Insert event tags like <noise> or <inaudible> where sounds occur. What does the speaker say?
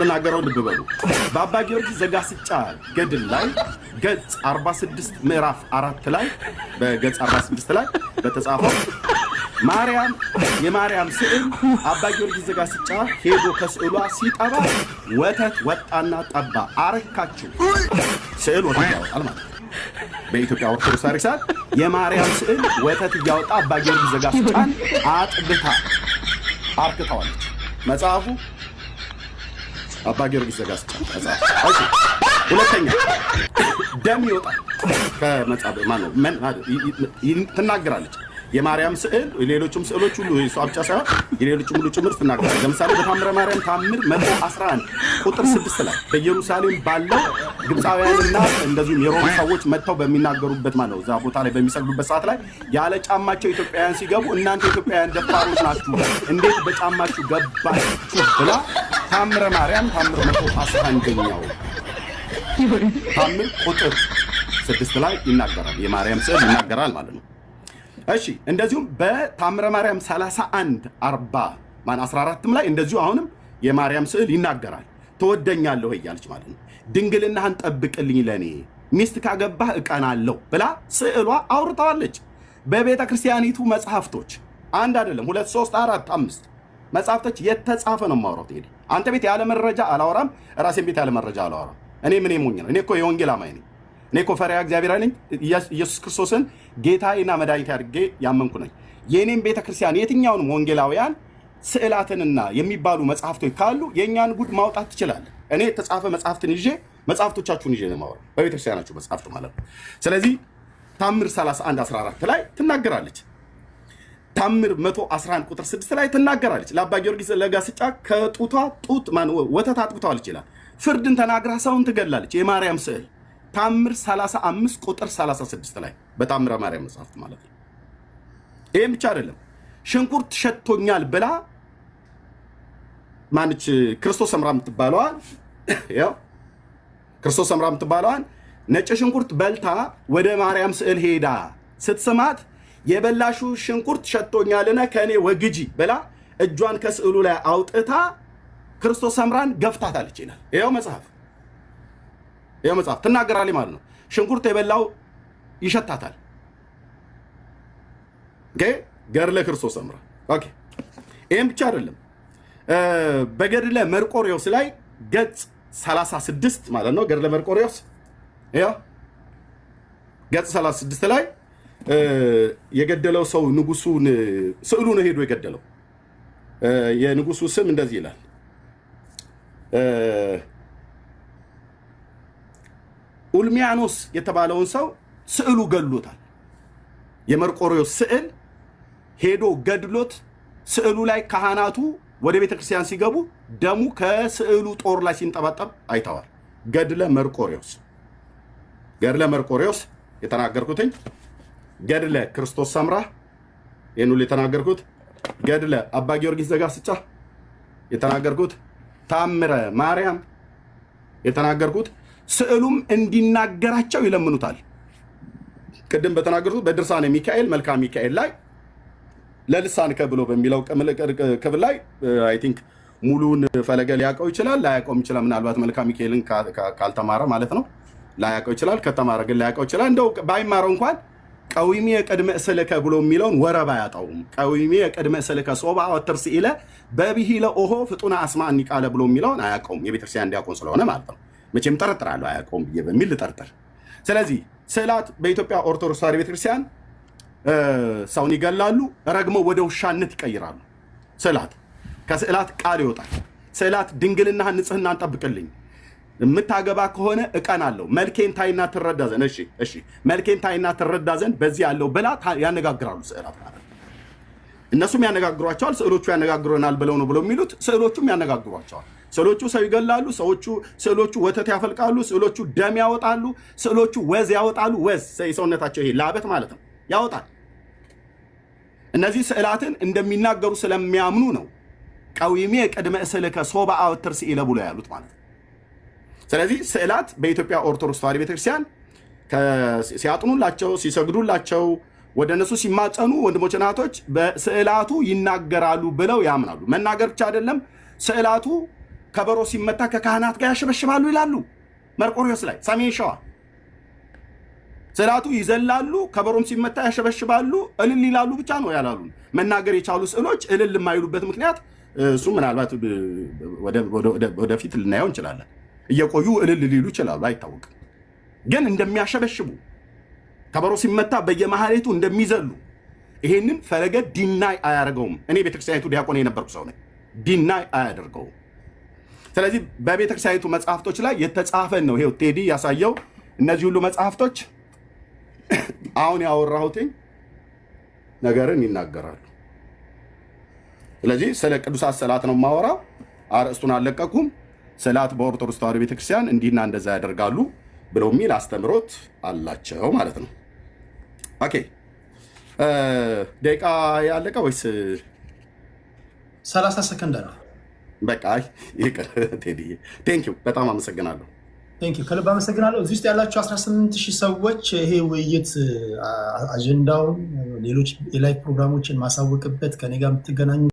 መናገረው ልብ በሉ። በአባ ጊዮርጊስ ዘጋስጫ ገድል ላይ ገጽ 46 ምዕራፍ አራት ላይ በገጽ 46 ላይ በተጻፈው ማርያም የማርያም ስዕል አባ ጊዮርጊስ ዘጋስጫ ሄዶ ከስዕሏ ሲጠባ ወተት ወጣና ጠባ አረካችው። ስዕል ወተት ያወጣል ማለት ነው። በኢትዮጵያ ኦርቶዶክስ ታሪክ የማርያም ስዕል ወተት እያወጣ አባ ጊዮርጊስ ዘጋስጫን አጥብታ አርክተዋለች መጽሐፉ አባ ጊዮርጊስ ዘጋስጫ ሁለተኛ ደም ይወጣል ከመጽሐፍ ማነው ትናገራለች። የማርያም ስዕል ሌሎችም ስዕሎች ሁሉ እሷ ብቻ ሳይሆን የሌሎችም ሁሉ ጭምር ትናገራለች። ለምሳሌ በታምረ ማርያም ታምር 11 ቁጥር 6 ላይ በኢየሩሳሌም ባለው ግብፃውያንና እንደዚሁም የሮም ሰዎች መጥተው በሚናገሩበት ማለት ነው እዛ ቦታ ላይ በሚሰግዱበት ሰዓት ላይ ያለ ጫማቸው ኢትዮጵያውያን ሲገቡ እናንተ ኢትዮጵያውያን ደፋሮች ናችሁ እንዴት በጫማችሁ ገባችሁ ብላ ታምረ ማርያም ታምር መቶ አስራ አንደኛው ታምር ቁጥር ስድስት ላይ ይናገራል። የማርያም ስዕል ይናገራል ማለት ነው። እሺ እንደዚሁም በታምረ ማርያም 31 40 ማን 14 ላይ እንደዚሁ አሁንም የማርያም ስዕል ይናገራል። ትወደኛለሁ እያለች ማለት ነው። ድንግልናህን ጠብቅልኝ ለኔ ሚስት ካገባህ እቀናለሁ ብላ ስዕሏ አውርተዋለች። በቤተ ክርስቲያኒቱ መጽሐፍቶች አንድ አይደለም ሁለት ሶስት አራት አምስት መጽሐፍቶች የተጻፈ ነው ማውራት ሄደ አንተ ቤት ያለ መረጃ አላወራም። ራሴን ቤት ያለ መረጃ አላወራም። እኔ ምን ሙኝ ነው? እኔ እኮ የወንጌል አማኝ ነኝ። እኔ እኮ ፈሪያ እግዚአብሔር ነኝ። ኢየሱስ ክርስቶስን ጌታዬና መድኃኒቴ አድርጌ ያመንኩ ነኝ። የእኔም ቤተ ክርስቲያን የትኛውንም ወንጌላውያን ስዕላትንና የሚባሉ መጽሐፍቶች ካሉ የእኛን ጉድ ማውጣት ትችላለህ። እኔ የተጻፈ መጽሐፍትን ይዤ መጽሐፍቶቻችሁን ይዤ ነው የማወራው፣ በቤተክርስቲያናችሁ መጽሐፍት ማለት ነው። ስለዚህ ታምር 31 14 ላይ ትናገራለች ታምር 111 ቁጥር 6 ላይ ትናገራለች። ለአባ ጊዮርጊስ ለጋስጫ ከጡቷ ጡት ማን ወተት አጥብተዋለች ይላል። ፍርድን ተናግራ ሰውን ትገላለች። የማርያም ስዕል ታምር 35 ቁጥር 36 ላይ በታምረ ማርያም መጽሐፍት ማለት ነው። ይህም ብቻ አይደለም። ሽንኩርት ሸቶኛል ብላ ማንች ክርስቶስ ሰምራ የምትባለዋል <laughs> ያው ክርስቶስ ሰምራ የምትባለዋል ነጭ ሽንኩርት በልታ ወደ ማርያም ስዕል ሄዳ ስትስማት የበላሹ ሽንኩርት ሸቶኛልና ከእኔ ወግጂ ብላ እጇን ከስዕሉ ላይ አውጥታ ክርስቶስ ሰምራን ገፍታታለች ይላል። ይኸው መጽሐፍ ይኸው መጽሐፍ ትናገራለች ማለት ነው። ሽንኩርት የበላው ይሸታታል። ገድለ ክርስቶስ ሰምራ። ይህም ብቻ አይደለም። በገድለ መርቆሪዎስ ላይ ገጽ 36 ማለት ነው። ገድለ መርቆሪዎስ ገጽ 36 ላይ የገደለው ሰው ንጉሱን ስዕሉ ነው ሄዶ የገደለው። የንጉሱ ስም እንደዚህ ይላል። ኡልሚያኖስ የተባለውን ሰው ስዕሉ ገድሎታል። የመርቆሪዎስ ስዕል ሄዶ ገድሎት ስዕሉ ላይ ካህናቱ ወደ ቤተ ክርስቲያን ሲገቡ ደሙ ከስዕሉ ጦር ላይ ሲንጠባጠብ አይተዋል። ገድለ መርቆሪዎስ ገድለ መርቆሪዎስ የተናገርኩትኝ ገድለ ክርስቶስ ሰምራ ይህን ሁሉ የተናገርኩት ገድለ አባ ጊዮርጊስ ዘጋስጫ የተናገርኩት ታምረ ማርያም የተናገርኩት ስዕሉም እንዲናገራቸው ይለምኑታል። ቅድም በተናገርኩት በድርሳነ ሚካኤል መልክዓ ሚካኤል ላይ ለልሳን ከብሎ በሚለው ክፍል ላይ አይ ቲንክ ሙሉን ፈለገ ሊያውቀው ይችላል፣ ላያውቀውም ይችላል። ምናልባት መልካ ሚካኤልን ካልተማረ ማለት ነው። ላያውቀው ይችላል፣ ከተማረ ግን ላያውቀው ይችላል። እንደው ባይማረው እንኳን ቀዊሜ የቀድመ እስልከ ብሎ የሚለውን ወረብ አያጣውም። ቀዊሜ የቀድመ እስልከ ሶባ ወትርስ ኢለ በብሂ ለኦሆ ፍጡነ አስማ እኒቃለ ብሎ የሚለውን አያውቀውም። የቤተክርስቲያን ዲያቆን ስለሆነ ማለት ነው። መቼም ጠረጥራለሁ አያውቀውም ብዬ በሚል ልጠርጥር። ስለዚህ ስዕላት በኢትዮጵያ ኦርቶዶክስ ተዋሕዶ ቤተክርስቲያን ሰውን ይገላሉ፣ ረግመው ወደ ውሻነት ይቀይራሉ። ስዕላት ከስዕላት ቃል ይወጣል። ስዕላት ድንግልናህን ንጽህናን ጠብቅልኝ የምታገባ ከሆነ እቀን አለው መልኬን ታይና ትረዳ ዘንድ እሺ እሺ መልኬን ታይና ትረዳ ዘንድ በዚህ ያለው ብላ ያነጋግራሉ ስዕላት እነሱም ያነጋግሯቸዋል ስዕሎቹ ያነጋግረናል ብለው ነው ብለው የሚሉት ስዕሎቹም ያነጋግሯቸዋል ስዕሎቹ ሰው ይገላሉ ሰዎቹ ስዕሎቹ ወተት ያፈልቃሉ ስዕሎቹ ደም ያወጣሉ ስዕሎቹ ወዝ ያወጣሉ ወዝ የሰውነታቸው ይሄ ላበት ማለት ነው ያወጣል እነዚህ ስዕላትን እንደሚናገሩ ስለሚያምኑ ነው ቀዊሜ ቅድመ እስልከ ሶባ አወትር ኢለ ብሎ ያሉት ማለት ነው ስለዚህ ስዕላት በኢትዮጵያ ኦርቶዶክስ ተዋህዶ ቤተክርስቲያን ሲያጥኑላቸው፣ ሲሰግዱላቸው፣ ወደ እነሱ ሲማጸኑ ወንድሞች እህቶች በስዕላቱ ይናገራሉ ብለው ያምናሉ። መናገር ብቻ አይደለም፣ ስዕላቱ ከበሮ ሲመታ ከካህናት ጋር ያሸበሽባሉ ይላሉ። መርቆሪዎስ ላይ ሰሜን ሸዋ ስዕላቱ ይዘላሉ፣ ከበሮም ሲመታ ያሸበሽባሉ፣ እልል ይላሉ ብቻ ነው ያላሉ። መናገር የቻሉ ስዕሎች እልል የማይሉበት ምክንያት እሱ ምናልባት ወደፊት ልናየው እንችላለን። እየቆዩ እልል ሊሉ ይችላሉ፣ አይታወቅም። ግን እንደሚያሸበሽቡ ከበሮ ሲመታ በየመሀሌቱ እንደሚዘሉ ይሄንን ፈለገ ዲናይ አያደርገውም። እኔ ቤተክርስቲያኒቱ ዲያቆን የነበርኩ ሰው ነኝ። ዲናይ አያደርገውም። ስለዚህ በቤተክርስቲያኒቱ መጽሐፍቶች ላይ የተጻፈ ነው። ይሄው ቴዲ ያሳየው እነዚህ ሁሉ መጽሐፍቶች አሁን ያወራሁትኝ ነገርን ይናገራሉ። ስለዚህ ስለ ቅዱሳት ስዕላት ነው የማወራው። አርዕስቱን አልለቀኩም። ስዕላት በኦርቶዶክስ ተዋሕዶ ቤተክርስቲያን እንዲህና እንደዛ ያደርጋሉ ብለው የሚል አስተምሮት አላቸው ማለት ነው። ኦኬ ደቂቃ ያለቀ ወይስ ሰላሳ ሰከንድ አለ? በቃ ይቅር <laughs> ቴንኪው በጣም አመሰግናለሁ። ቴንኪው ከልብ አመሰግናለሁ። እዚህ ውስጥ ያላቸው 18 ሺህ ሰዎች ይሄ ውይይት አጀንዳውን፣ ሌሎች የላይ ፕሮግራሞችን ማሳወቅበት ከኔ ጋር የምትገናኙ